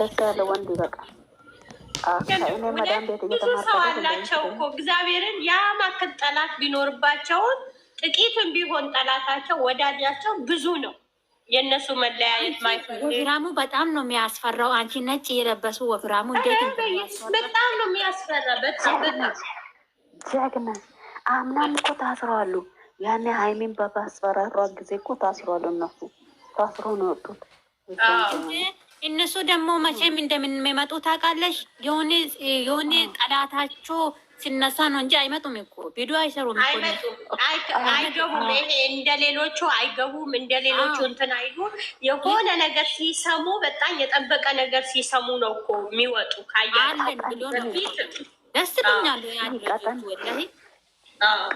ደስ ያለ ወንድ ይበቃል። ብዙ ሰው አላቸው እኮ እግዚአብሔርን ያማክል ጠላት ቢኖርባቸውን ጥቂትም ቢሆን ጠላታቸው ወዳጃቸው ብዙ ነው። የእነሱ መለያየት ማየት ወፍራሙ በጣም ነው የሚያስፈራው። አንቺ ነጭ የለበሱ ወፍራሙ እንዴት በጣም ነው የሚያስፈራ። ጀግና አምናም እኮ ታስረዋሉ። ያኔ ሀይሚን በማስፈራሯ ጊዜ እኮ ታስረዋሉ። እነሱ ታስሮ ነው ወጡት እነሱ ደግሞ መቼም እንደምንመጡ ታውቃለሽ። የሆነ ጠላታቸው ሲነሳ ነው እንጂ አይመጡም እኮ ቢዱ አይሰሩም። አይገቡም፣ ይሄ እንደ ሌሎቹ አይገቡም፣ እንደ ሌሎቹ እንትን አይሉ። የሆነ ነገር ሲሰሙ በጣም የጠበቀ ነገር ሲሰሙ ነው እኮ የሚወጡ። ካያለን ደስ ብኛሉ ያለ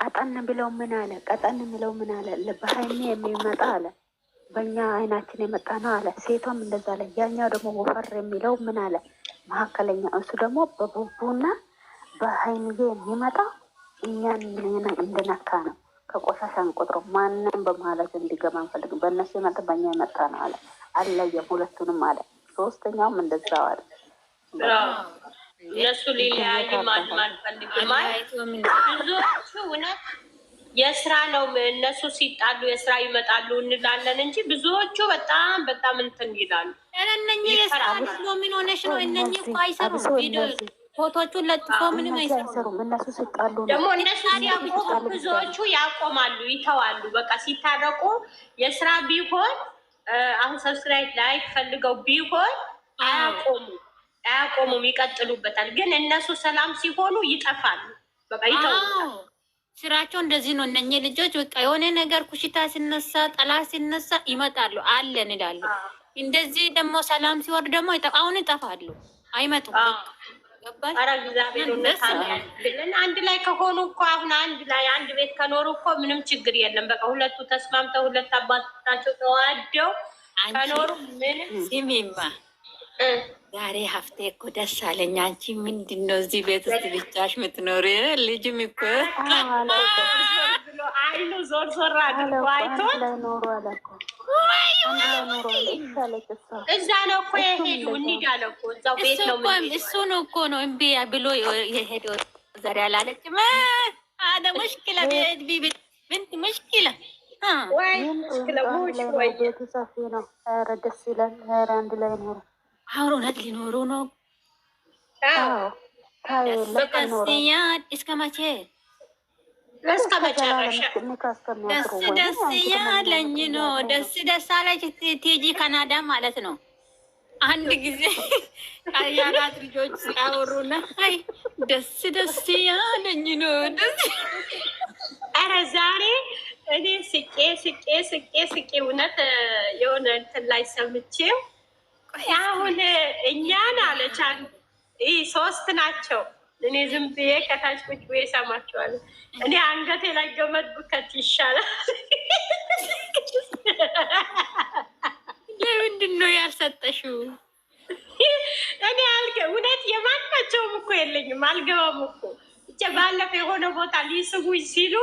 ቀጠን ብለው ምን አለ ቀጠን ብለው ምን አለ በሀይሚ የሚመጣ አለ በእኛ አይናችን የመጣ ነው አለ። ሴቷም እንደዛ አለ። ያኛው ደግሞ ወፈር የሚለው ምን አለ መካከለኛ፣ እሱ ደግሞ በቡቡና በሀይንዬ የሚመጣ እኛን እንደነካ ነው። ከቆሻሻ እንቆጥሮ ማንም በመሀላቸው እንዲገባ አንፈልግም። በእነሱ የመጣ በእኛ የመጣ ነው አለ። አለየም ሁለቱንም አለ። ሶስተኛውም እንደዛው አለ። እነሱ ሊለያይ ማንም ብዙዎቹ እውነት የስራ ነው። እነሱ ሲጣሉ የስራ ይመጣሉ እንላለን እንጂ ብዙዎቹ በጣም በጣም እንትን ይላሉ። እነኚህ የስራ መስሎ ምን ሆነሽ ነው? እነኚህ እኮ አይሰሩም። ፎቶቹን ለጥፎ ምንም አይሰሩም። እነሱ ሲጣሉ ደግሞ እነሱ ብዙዎቹ ያቆማሉ፣ ይተዋሉ። በቃ ሲታረቁ የስራ ቢሆን አሁን ሰብስክራይብ ላይ ፈልገው ቢሆን አያቆሙ አያቆሙም፣ ይቀጥሉበታል። ግን እነሱ ሰላም ሲሆኑ ይጠፋሉ፣ በቃ ይተዋሉ። ስራቸው እንደዚህ ነው። እነኚህ ልጆች በቃ የሆነ ነገር ኩሽታ ሲነሳ፣ ጠላ ሲነሳ ይመጣሉ አለን ይላሉ። እንደዚህ ደግሞ ሰላም ሲወርድ ደግሞ አሁን ይጠፋሉ፣ አይመጡም። አንድ ላይ ከሆኑ እኮ አሁን አንድ ላይ አንድ ቤት ከኖሩ እኮ ምንም ችግር የለም። በቃ ሁለቱ ተስማምተው ሁለት አባታቸው ተዋደው ከኖሩ ምንም ሲሚማ ዛሬ ሀፍቴ እኮ ደስ አለኝ። አንቺ ምንድን ነው እዚህ ቤት ውስጥ ብቻሽ ምትኖር? ልጅም እኮ አይኑ ዞር ዞር አድርጎ አይቶ እዛ ነው እኮ የሄዱ እንሂድ እኮ እዛው ቤት ነው። እሱን እኮ ነው እምቢ ብሎ የሄደው ዘር ያላለችም አደ ሙሽኪላ ቤት ቤት ምንት ሙሽኪላ ወይ ሙሽኪላ ሙሽ ወይ ቤተሰብ ነው። ኧረ ደስ ይላል። ኧረ አንድ ላይ ኖረ አሁን እውነት ሊኖሩ ነው። እስከ መቼ? ደስ ደስ ነው። ደስ ደስ አለች ቲጂ ካናዳ ማለት ነው። አንድ ጊዜ ልጆች ሲያወሩና አይ ደስ ደስ ያለኝ ነው። ኧረ ዛሬ እኔ ስቄ ስቄ ስቄ ስቄ እውነት የሆነ እንትን ላይ ሰምቼው አሁን እኛን ይህ ሶስት ናቸው። እኔ ዝም ብዬ ከታች ቁጭ ብዬ ሰማቸዋል። እኔ አንገቴ ላይ ገመድ ብከት ይሻላል። ለምንድን ነው ያልሰጠሽው? እኔ አልገ እውነት የማናቸውም እኮ የለኝም። አልገባም እኮ ባለፈ የሆነ ቦታ ሊስጉኝ ሲሉ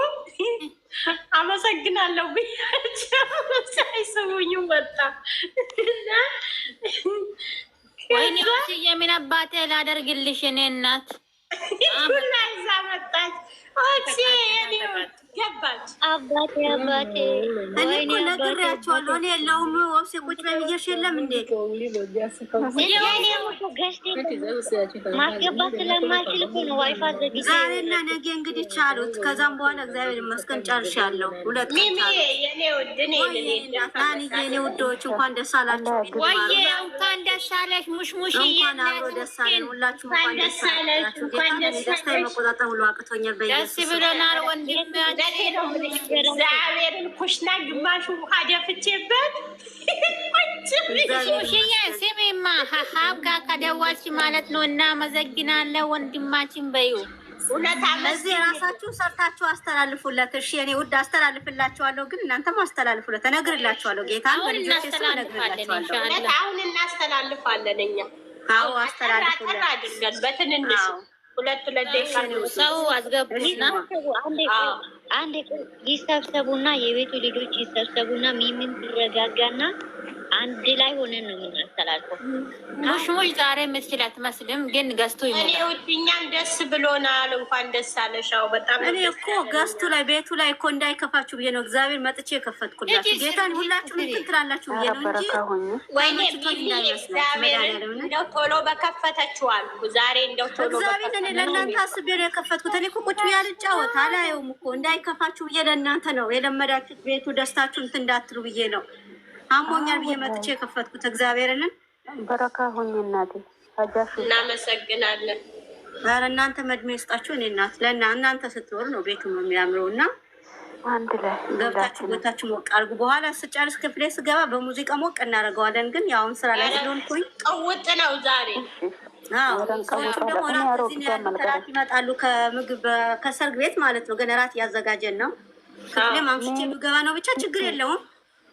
አመሰግናለሁ ብያቸው ሳይስጉኝ ወጣ። ወይኔ የምን አባቴ ላደርግልሽ? እኔ እናት ቡና ይዛ መጣች ኦቼ ገባች። አባቴ እኔ ነግሬያቸዋለሁ። እኔ ለሁሉ ወብሴ ቁጭ በሚጀርሽ የለም እንዴ ማስገባት ስለማልችል እኮ ነው። ዋይፋ ዘግቼ ዛሬና ነገ እንግዲህ ቻሉት። ከዛም በኋላ እግዚአብሔር ይመስገን ጨርሻለሁ። ሁለት የኔ ውዶች እንኳን ደስ አላችሁ። ወይዬ እንኳን ደስ አለሽ ሙሽሙሽ፣ እንኳን አብሮ ደስ አለን። ሁላችሁም እንኳን ደስ አላችሁ። ደስታ መቆጣጠር ሁሉ አቅቶኛል። በደስ ብሎናል ወንድም እግዚአብሔርን ኩሽና ግማሹ ውሃ ደፍቼበት ሱሽዬ ስሚማ ሀብ ጋር ከደዋች ማለት ነው። እና መዘግናለ ወንድማችን በዩ እውነት እዚህ ራሳችሁ ሰርታችሁ አስተላልፉለት። እሺ እኔ ውድ አስተላልፍላችኋለሁ፣ ግን እናንተም አስተላልፉለት። እነግርላችኋለሁ፣ ጌታ አሁን እናስተላልፋለን እኛ አዎ፣ አስተላልፉለት በትንንሽ ሁለት ሁለት ሰው አስገቡና አንድ ይሰብሰቡና የቤቱ ልጆች ይሰብሰቡና ሚሚን ትረጋጋና አንድ ላይ ሆነን ነው የምናስተላልፈው። ሙሽሙሽ ዛሬ የምትችል አትመስልም፣ ግን ገዝቱ ይሞላል። እኛን ደስ ብሎናል። እንኳን ደስ አለሻው። በጣም እኔ እኮ ገዝቱ ላይ ቤቱ ላይ እኮ እንዳይከፋችሁ ብዬ ነው እግዚአብሔር መጥቼ የከፈትኩላችሁ። ጌታን ሁላችሁ እንትን ትላላችሁ ብዬ ነው እንጂ ወይኔ እግዚአብሔር እንደው ቶሎ በከፈተችው አሉ። ዛሬ እንደው ቶሎ እግዚአብሔር እኔ ለእናንተ አስቤ ነው የከፈትኩት። እኔ እኮ ቁጭ ብዬ አልጫወት አላየውም እኮ እንዳይከፋችሁ ብዬ ለእናንተ ነው የለመዳችሁት ቤቱ ደስታችሁ እንትን እንዳትሉ ብዬ ነው አሞኛል ብዬ መጥቼ የከፈትኩት እግዚአብሔርንን በረካ ሁኝ እናቴ። እናመሰግናለን። ኧረ እናንተ መድሜ ይስጣችሁ። እኔ እናት ለና እናንተ ስትኖር ነው ቤቱ የሚያምረው። እና አንድ ላይ ገብታችሁ ቦታችሁ ሞቅ አድርጉ። በኋላ ስጨርስ ክፍሌ ስገባ በሙዚቃ ሞቅ እናደርገዋለን። ግን የአሁን ስራ ላይ ስለሆንኩኝ ቀውጥ ነው ዛሬ። ሰዎቹ ራት ይመጣሉ ከምግብ ከሰርግ ቤት ማለት ነው። ግን እራት እያዘጋጀን ነው። ክፍሌ ማምሽቼ የሚገባ ነው። ብቻ ችግር የለውም።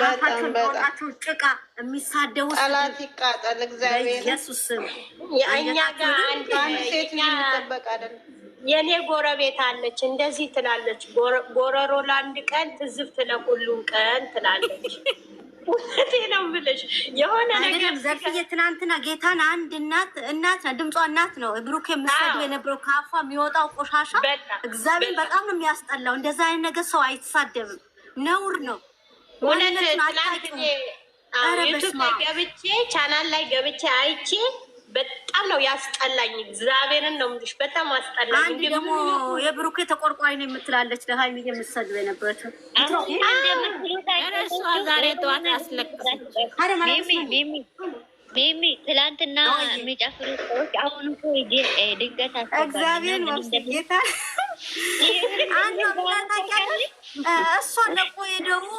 ካታችሁ ጭቃ የሚሳደቡ ጠላት ይቃጠል። እግዚአብሔር ኢየሱስ እኛ ጋር ጎረቤት አለች፣ እንደዚህ ትላለች። ጎረሮ ለአንድ ቀን ትዝብት ለሁሉም ቀን ትላለች። ነው የሆነ ነገር ዘርፍዬ፣ ትናንትና ጌታን አንድ እናት እናት ድምጿ እናት ነው ብሩክ የነበረው ከአፏ የሚወጣው ቆሻሻ እግዚአብሔር በጣም ነው የሚያስጠላው። እንደዛ አይነት ነገር ሰው አይሳደብም፣ ነውር ነው። ገብቼ ቻናል ላይ ገብቼ አይቼ በጣም ነው ያስጠላኝ። እግዚአብሔርን ነው የምልሽ፣ በጣም አስጠላኝ። አንድ ደግሞ የብሩኬ ተቆርቋሪ ነው የምትላለች ለሀይሚ የምትሰድብ የነበረች ዛሬ ጠዋት አስለቅሰኝ ቤሚ ትላንትና የሚጨፍሩ ሰዎች አሁን እኮ ድንገት እግዚአብሔር ጌታ እሷ ለቆየ ደግሞ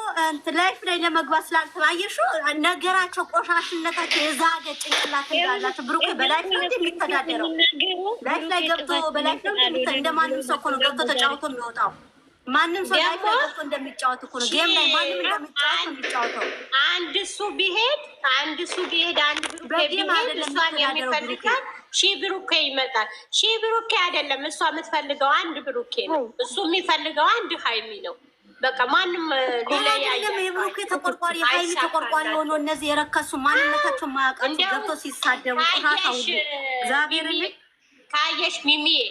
ላይፍ ላይ ለመግባት ስላልተባየሽው ነገራቸው ቆሻሽነታቸው የዛገ ጭንቅላት እንዳላቸው ብሩኬ በላይፍ ነው የሚተዳደረው። ላይፍ ላይ ገብቶ በላይፍ ነው እንደ ማንም ሰው እኮ ነው ገብቶ ተጫውቶ የሚወጣው። ማንም ሰው ላይፍ ላይ ገብቶ እንደሚጫወት እኮ ነው ጌም ላይ ማንም እንደሚጫወት የሚጫወተው። አንድ እሱ ቢሄድ አንድ እሱ ቢሄድ አንድ ብሩኬ ቢሄድ እሷን የሚፈልጋል ሺህ ብሩኬ ይመጣል። ሺህ ብሩኬ አይደለም እሷ የምትፈልገው አንድ ብሩኬ ነው። እሱ የሚፈልገው አንድ ሀይሚ ነው። በቃ ማንም ሌላለም የብሩኬ ተቆርቋሪ የሀይሚ ተቆርቋሪ ሆኖ እነዚህ የረከሱ ማንነታቸው ማያውቃቸው ገብቶ ሲሳደቡ ራታው ካየሽ ሚሚዬ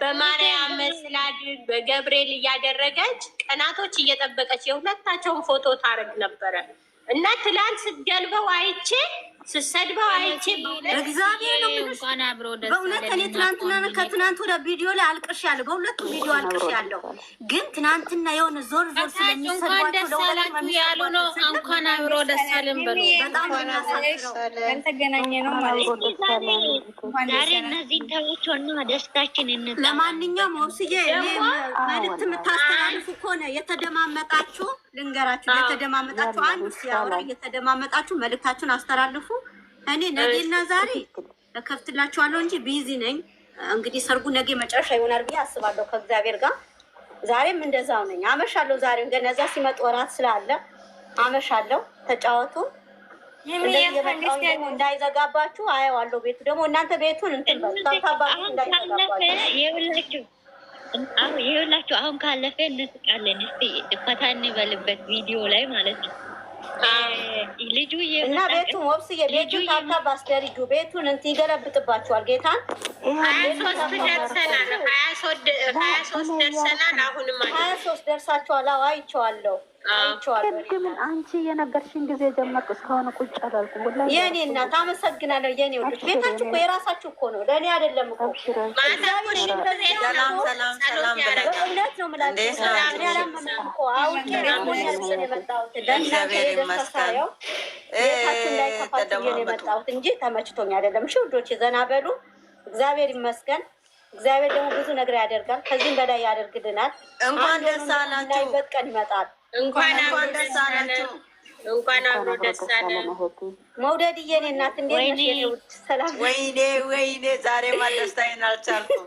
በማርያም ስላድግ በገብርኤል እያደረገች ቀናቶች እየጠበቀች የሁለታቸውን ፎቶ ታረግ ነበረ እና ትላንት ስትገልበው አይቼ ስሰድበው አይቼ እግዚአብሔር በእውነት እኔ ትናንትና ከትናንት ወደ ቪዲዮ ላይ አልቅሽ ያለ በሁለቱም ቪዲዮ አልቅሽ ያለው ግን ትናንትና የሆነ ዞር ዞር ስለሚሰድቧቸው ያሉ ነው። እንኳን አብሮ ደስ አለን በሉ። በጣም ደስታችን ለማንኛውም መልዕክት የምታስተላልፉ ከሆነ የተደማመጣችሁ ልንገራችሁ፣ የተደማመጣችሁ አንዱ ሲያወራ እየተደማመጣችሁ መልዕክታችሁን አስተላልፉ። እኔ ነገና ዛሬ ከፍትላችኋለሁ እንጂ ቢዚ ነኝ። እንግዲህ ሰርጉ ነገ መጨረሻ ይሆናል ብዬ አስባለሁ ከእግዚአብሔር ጋር። ዛሬም እንደዛው ነኝ፣ አመሻለሁ። ዛሬ ገነዛ ሲመጡ ወራት ስላለ አመሻለሁ። ተጫወቱ እንዳይዘጋባችሁ አየዋለሁ። ቤቱ ደግሞ እናንተ ቤቱን ይሁላችሁ። አሁን ካለፈ እንስቃለን። እስኪ ፈታ እንበልበት ቪዲዮ ላይ ማለት ነው ልጁ እና ቤቱን ወብስዬ ቤቱን ታታ ባስደርጁ ቤቱን እንትን ይገለብጥባቸዋል። ጌታን ሀያ ሶስት ደርሰናል። ሀያ ሶስት ደርሰናል። አሁንም ሀያ ሶስት ደርሳቸዋል። አዎ አይቼዋለሁ። ቅድምን አንቺ የነገርሽን ጊዜ ጀመርኩ እስካሁን ቁጭ አላልኩም። የኔ እናት አመሰግናለሁ። የኔ ወዶች ቤታችሁ እኮ የራሳችሁ እኮ ነው፣ ለእኔ አይደለም እኮ እውነት ነው ምላእኮ አውቄ የመጣሁት ለእናንተ የደሰሳየው ቤታችሁ የመጣሁት እንጂ ተመችቶኝ አይደለም። እሺ ውዶች ዘና በሉ። እግዚአብሔር ይመስገን። እግዚአብሔር ደግሞ ብዙ ነገር ያደርጋል። ከዚህም በላይ ያደርግልናል። እንኳን ደስ አላችሁ። ቀን ይመጣል እንኳን አብሮ ደስ አላችሁ። እንኳን አብሮ ደስ አለን። መውደድ እየኔ እናት እንዴት ሰላም? ወይኔ ወይኔ፣ ዛሬ ማደስታዬን አልቻልኩም።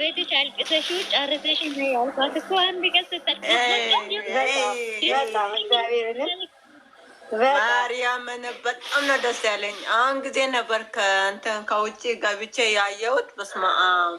ቤትሽ አልቅሰሽ ጨርሰሽ ያልኳት እኮ አንድ ቀን ማርያምን በጣም ነው ደስ ያለኝ። አሁን ጊዜ ነበር ከእንትን ከውጭ ገብቼ ያየሁት በስመ አብ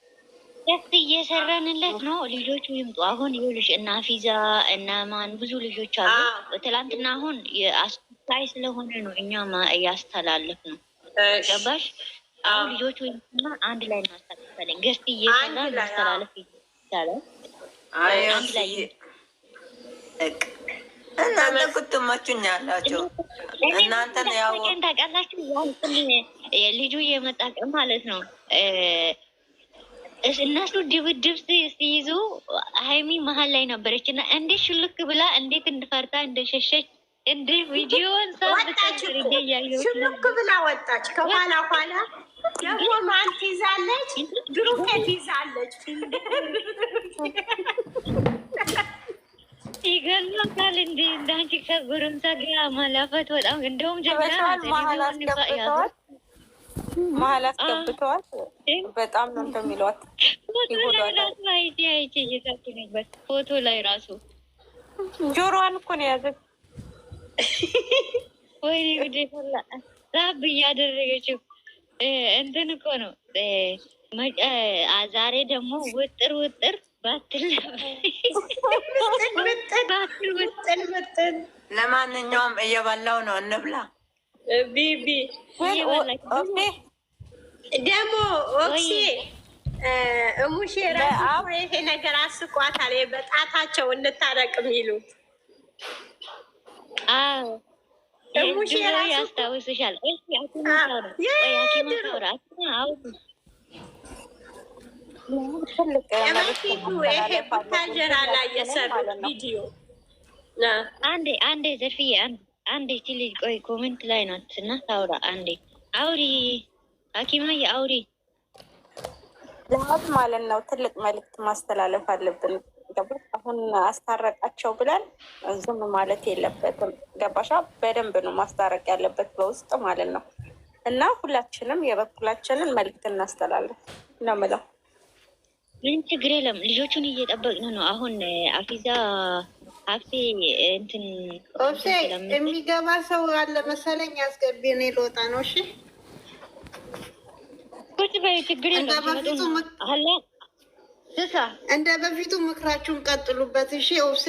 ደስ እየሰራንለት ነው። ልጆቹ ይምጡ። አሁን ይኸውልሽ እና ፊዛ እና ማን ብዙ ልጆች አሉ። ትላንትና አሁን የአስታይ ስለሆነ ነው እኛ እያስተላለፍ ነው ገባሽ? አሁን ልጆቹ ይምጡና አንድ ላይ እናስተላለፋለን። ገስት እየሰራ እናስተላለፍ ይቻላል። አንድ ላይ እናንተ ቁጥማችሁ ያላችሁ እናንተ ያው ታውቃላችሁ። ልጁ የመጣ ቀን ማለት ነው እነሱ ድብድብ ሲይዙ ሀይሚ መሀል ላይ ነበረች እና እንዴት ሽልክ ብላ እንዴት እንድፈርታ እንደሸሸች እንደ ቪዲዮን ሽልክ ብላ ወጣች። ከኋላ ኋላ ደግሞ ማን ትይዛለች? ብሩኬ ትይዛለች። ይገርማል። እንደ እንዳንቺ ከጉርምሳ ጋር ማላፈት በጣም እንደውም ጀምራ መሀል አስገብተዋል። በጣም ነው እንደሚሏት ፎቶ ላይ ራሱ ጆሮዋን እኮ ነው የያዘች። ወይኔ ጉዴ ፈላ እያደረገችው እንትን እኮ ነው። ዛሬ ደግሞ ውጥር ውጥር ባትል ምጥን። ለማንኛውም እየበላው ነው እንብላ ቢቢ ደግሞ ወቅሴ እሙሽ ራሱ ይሄ ነገር አስቋታል። በጣታቸው እንታረቅ የሚሉ እሙሽ ያስታውስሻል። ይሄ ቡታጀራ አንዴ አንዴ ዘርፍዬ አንዴ ቺ ቆይ ኮሜንት ላይ ናት እና ታውራ አንዴ አውሪ ሐኪማ የአውሪ ለሀብ ማለት ነው። ትልቅ መልእክት ማስተላለፍ አለብን። ገባሽ? አሁን አስታረቃቸው ብለን ዝም ማለት የለበትም። ገባሻ? በደንብ ነው ማስታረቅ ያለበት በውስጥ ማለት ነው። እና ሁላችንም የበኩላችንን መልእክት እናስተላለፍ ነው ምለው። ምን ችግር የለም። ልጆቹን እየጠበቅን ነው። አሁን አፊዛ ሀብቴ እንትን የሚገባ ሰው አለ መሰለኝ። አስገቢ፣ እኔ ልወጣ ነው። እሺ ቁጭ በይ ችግር የለም። እንደ በፊቱ ምክራችሁን ቀጥሉበት። እሺ ኦብሴ፣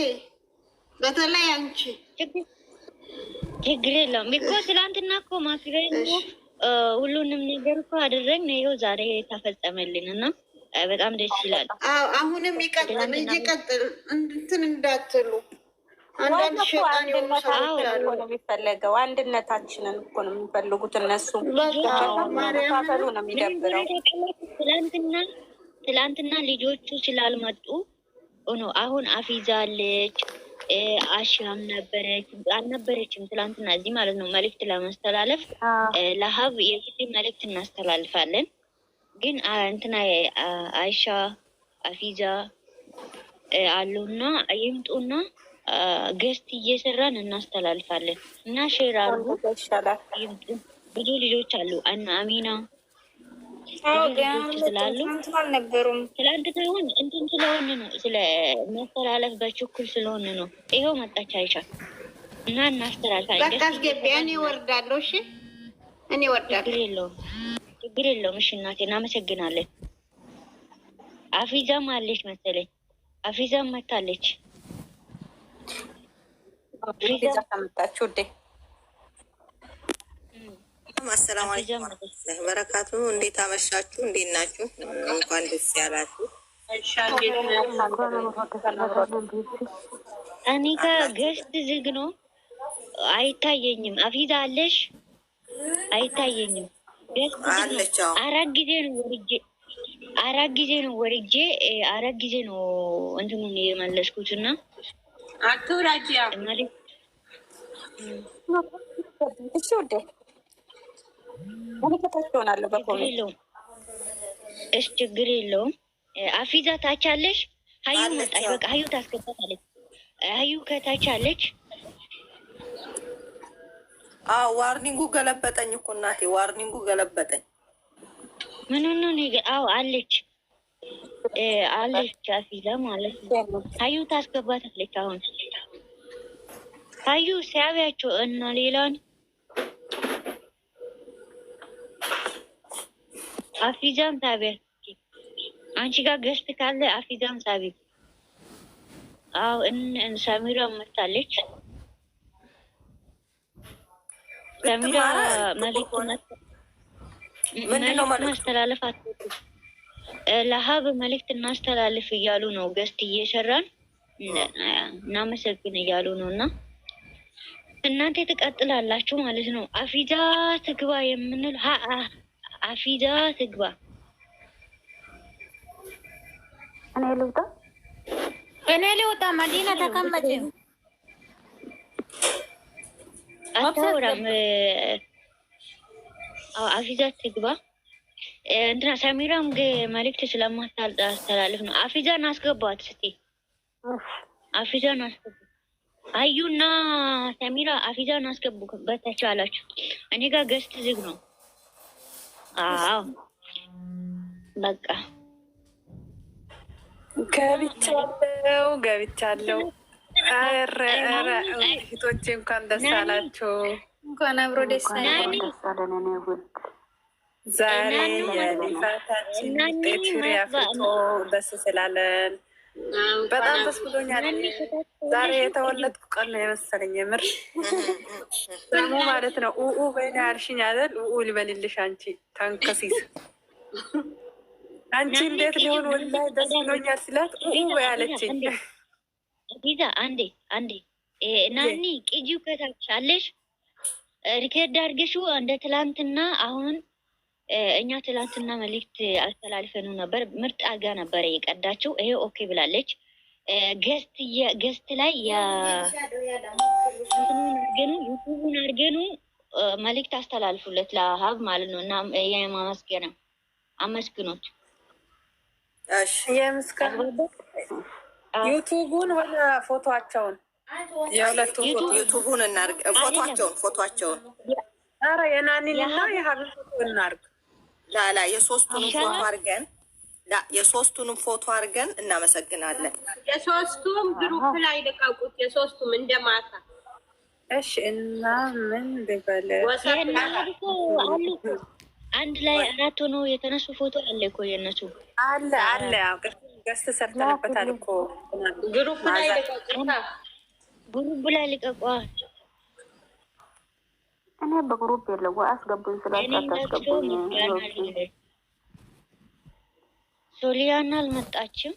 በተለይ አንቺ ችግር የለም እኮ ትላንትና እኮ ማክረኝ ሁሉንም ነገር እኮ ነው። ይኸው ዛሬ ተፈጸመልን እና በጣም ደስ ይላል። አሁንም ይቀጥል እንጂ ቀጥል እንትን እንዳትሉ አንዳንድ ሸጣን የሆኑ ሰዎች አሉ። የሚፈለገው አንድነታችንን እኮ ነው የሚፈልጉት እነሱ። ማሪያምኑ ነው የሚደብረው። ትላንትና ልጆቹ ስላልመጡ ነው አሁን አፊዛለች አሻም ነበረች አልነበረችም? ትላንትና እዚህ ማለት ነው። መልእክት ለማስተላለፍ ለሀብ የግድ መልእክት እናስተላልፋለን። ግን እንትና አይሻ አፊዛ አሉና ይምጡና ገስት እየሰራን እናስተላልፋለን እና ሼር አሉ። ብዙ ልጆች አሉ እና አሚና ስላሉ ትላንት ሳይሆን እንትን ስለሆን ነው ስለመስተላለፍ በችኩል ስለሆን ነው። ይኸው መጣች አይሻ እና እናስተላልፋለን። ወርዳለሁ። እሺ እኔ ወርዳለሁ። ችግር የለውም፣ ችግር የለውም። እሺ እናቴ እናመሰግናለን። አፊዛም አለች መሰለኝ፣ አፊዛም መታለች። ውዴ አሰላሙ አለይኩም በረካቱ። እንዴት አመሻችሁ? እንዴት ናችሁ? እንኳን ደስ ያላችሁ። እኔ ከገስት ዝግ ነው አይታየኝም። አፊዛ አለሽ? አይታየኝም። አራት ጊዜ ነው ወርጄ አራት ጊዜ ነው ወርጄ አራት ጊዜ ነው እንትኑን የመለስኩትና አትውላጅ እሺ ወደ እሺ፣ ችግር የለውም። አፊዛ ታች አለሽ። ሀዩ መጣች። በቃ ሀዩ ታስገባታለች። ሀዩ ከታች አለች። አዎ፣ ዋርኒንጉ ገለበጠኝ እኮ እናቴ፣ ዋርኒንጉ ገለበጠኝ። ምን ነው? አዎ አለች አለች አፊዛ ማለት ነው። ታዩ ታስገባታለች። አሁን ታዩ ሲያቢያቸው እና ሌላን አፊዛም ሳቢያ አንቺ ጋር ገስት ካለ አፊዛም ሳቢ። አዎ ሰሚራ መታለች። ሰሚራ መልዕክት ማስተላለፍ አትወድም ለሀብ መልእክት እናስተላልፍ እያሉ ነው። ገስት እየሰራን እናመሰግን እያሉ ነው። እና እናንተ ትቀጥላላችሁ ማለት ነው። አፊዳ ትግባ የምንል አፊዳ ትግባ። እኔ ልውጣ፣ እኔ ልውጣ። መዲና ተቀመጥ አታውራም። አፊዛ ትግባ እንትና ሰሚራም መልዕክት ስለማታስተላልፍ ነው። አፊዛን አስገባት ስ አፊዛን አስገቡ። አዩና ሰሚራ አፊዛን አስገቡ በተቻላችሁ። እኔ ጋር ገስት ዝግ ነው። አዎ በቃ ገብቻለሁ፣ ገብቻለሁ። ኧረ ኧረ እህቶቼ እንኳን ደስ አላችሁ። እንኳን አብሮ ደስ አለ ዛሬ የልፋታችን ውጤት ደስ ስላለን በጣም ደስ ብሎኛል። ዛሬ የተወለድኩ ቀን ነው የመሰለኝ። የምር ስሙ ማለት ነው ኡኡ በይና ያልሽኝ አይደል? ኡኡ ልበልልሽ አንቺ ታንከሲስ አንቺ እንዴት ሊሆን ወላሂ ደስ ብሎኛል ስላት ኡኡ አለችኝ። ጊዛ አንዴ አንዴ ናኒ ቅጂው ከታች አለሽ ሪከርድ አድርገሽው እንደ ትላንትና አሁን እኛ ትላንትና መልእክት አስተላልፈን ነበር። ምርጥ አልጋ ነበረ የቀዳችው። ይሄ ኦኬ ብላለች። ገስት ላይ ያገኑ ዩቱቡን አድርገኑ መልእክት አስተላልፉለት ለሀብ ማለት ነው እና የማመስገና አመስግኖት ዩቱቡን ወደ ፎቶቸውን የሁለቱ ዩቱቡን እናርግ ፎቶቸውን ፎቶቸውን ኧረ የናኒንና የሀብ ፎቶ እናርግ ላላ የሶስቱን ፎቶ አድርገን የሶስቱንም ፎቶ አድርገን እናመሰግናለን። የሶስቱም ግሩፕ ላይ ልቀቁት። የሶስቱም እንደ ማታ እሺ። እና ምን ልበል አንድ ላይ አራት ሆኖ የተነሱ ፎቶ አለ እኮ የነሱ አለ አለ ገስት ሰርተንበታል እኮ ግሩፕ ላይ ልቀቁ፣ ግሩፕ ላይ ልቀቁ። እኔ በግሩፕ የለው ወይ አስገቡኝ ስላችሁ አስገቡኝ። ሶሊያና አልመጣችም፣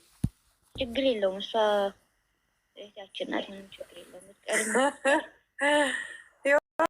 ችግር የለውም እሷ ቤታችን ናት። ችግር የለውም።